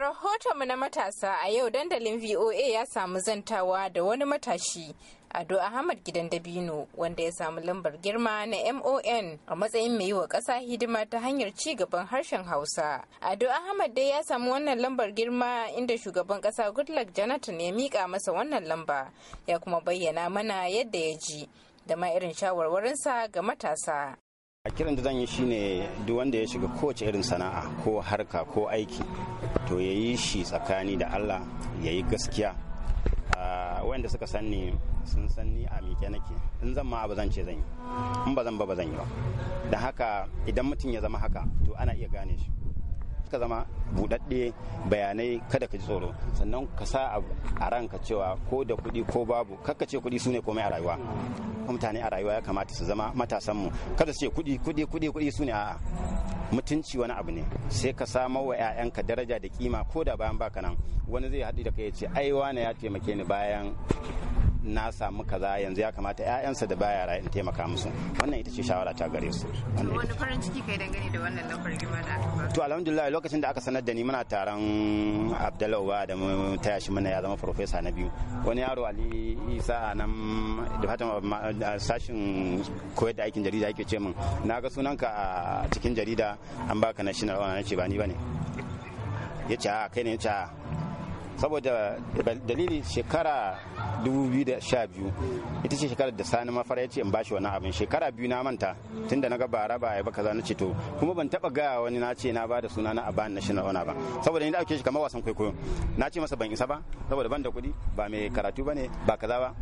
rahotonmu na matasa a yau dandalin VOA ya samu zantawa da wani matashi Ado Ahmad Gidan Dabino wanda ya samu lambar girma na MON a matsayin mai yi wa ƙasa hidima ta hanyar ci gaban harshen Hausa. Ado Ahmad dai ya samu wannan lambar girma inda shugaban ƙasa Goodluck Jonathan ya miƙa masa wannan lamba ya kuma bayyana mana yadda ya ji da ma irin shawarwarinsa ga matasa. a kiran da zan yi shine duk wanda ya shiga kowace irin sana'a ko harka ko aiki to ya yi shi tsakani da allah ya yi gaskiya wanda suka sanni sun sanni a mike nake in zan ma abu zan ce zan yi in ba zan ba ba zan yi ba don haka idan mutum ya zama haka to ana iya gane shi ka zama buɗaɗɗe bayanai kada ka ji tsoro sannan ka sa a ranka cewa ko da kuɗi ko babu kakka ce kuɗi sune komai a rayuwa mutane a rayuwa ya kamata su zama matasanmu kada su ce kuɗi kuɗi kuɗi kuɗi sune a'a mutunci wani abu ne sai ka samar wa 'ya'yanka daraja da kima ko da bayan baka nan wani zai haɗu da kai ya ce ai wane ya taimake ni bayan na samu kaza yanzu ya kamata ƴaƴansa da baya ra in taimaka musu wannan ita ce shawara ta gare su wani farin ciki kai dangane da wannan lafar girma da aka ba to alhamdulillah lokacin da aka sanar da ni muna taron Abdullahi ba da taya shi mana ya zama profesa na biyu wani yaro Ali Isa a nan da fatan sashin koyar da aikin jarida yake ce min na ga sunanka a cikin jarida an baka na shi na ce ba ni bane ya ce a kai ne ya ce saboda dalili shekara 2012 ita ce shekarar da sani mafara ya ce in shi wani abin shekara biyu na manta tunda na ga bara ba ya ba kaza na ce to kuma ban taba gaya wani na ce na da suna na aban national honor ba saboda ni da ake shi kamar wasan kwaikwayo na ce masa ban isa ba saboda ban da kuɗi ba mai karatu ne ba kaza ba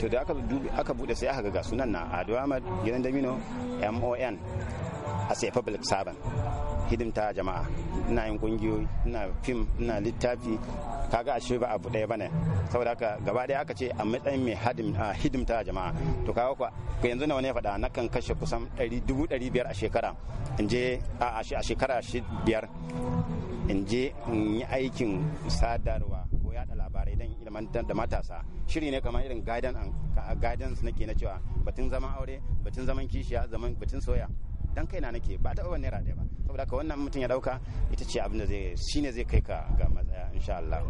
to da aka aka bude sai aka ga sunan na Ado Ahmad Gidan Damino MON a sai public servant hidimta jama'a ina yin kungiyoyi ina fim ina littafi kaga ashe ba abu ɗaya bane saboda haka gaba ɗaya aka ce a matsayin mai hidimta jama'a to kaga ko yanzu nawa ne faɗa na kan kashe kusan ɗari dubu ɗari biyar a shekara in je a shekara biyar in je in yi aikin sadarwa ko yada labarai don ilmantar da matasa shiri ne kamar irin guidance nake na cewa batun zaman aure batun zaman kishiya zaman batun soya dan kaina nake ba taɓa naira ɗaya ba saboda ka wannan mutum ya ɗauka ita ce abin da zai shine zai kai ka ga matsaya insha Allah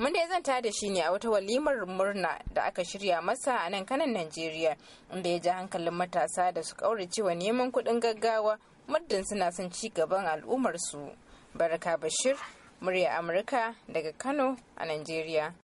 mun dai zanta da shi ne a wata walimar murna da aka shirya masa a nan kanan najeriya inda ya ji hankalin matasa da su kaurace wa neman kuɗin gaggawa muddin suna son ci gaban al'ummarsu baraka bashir murya amurka daga kano a najeriya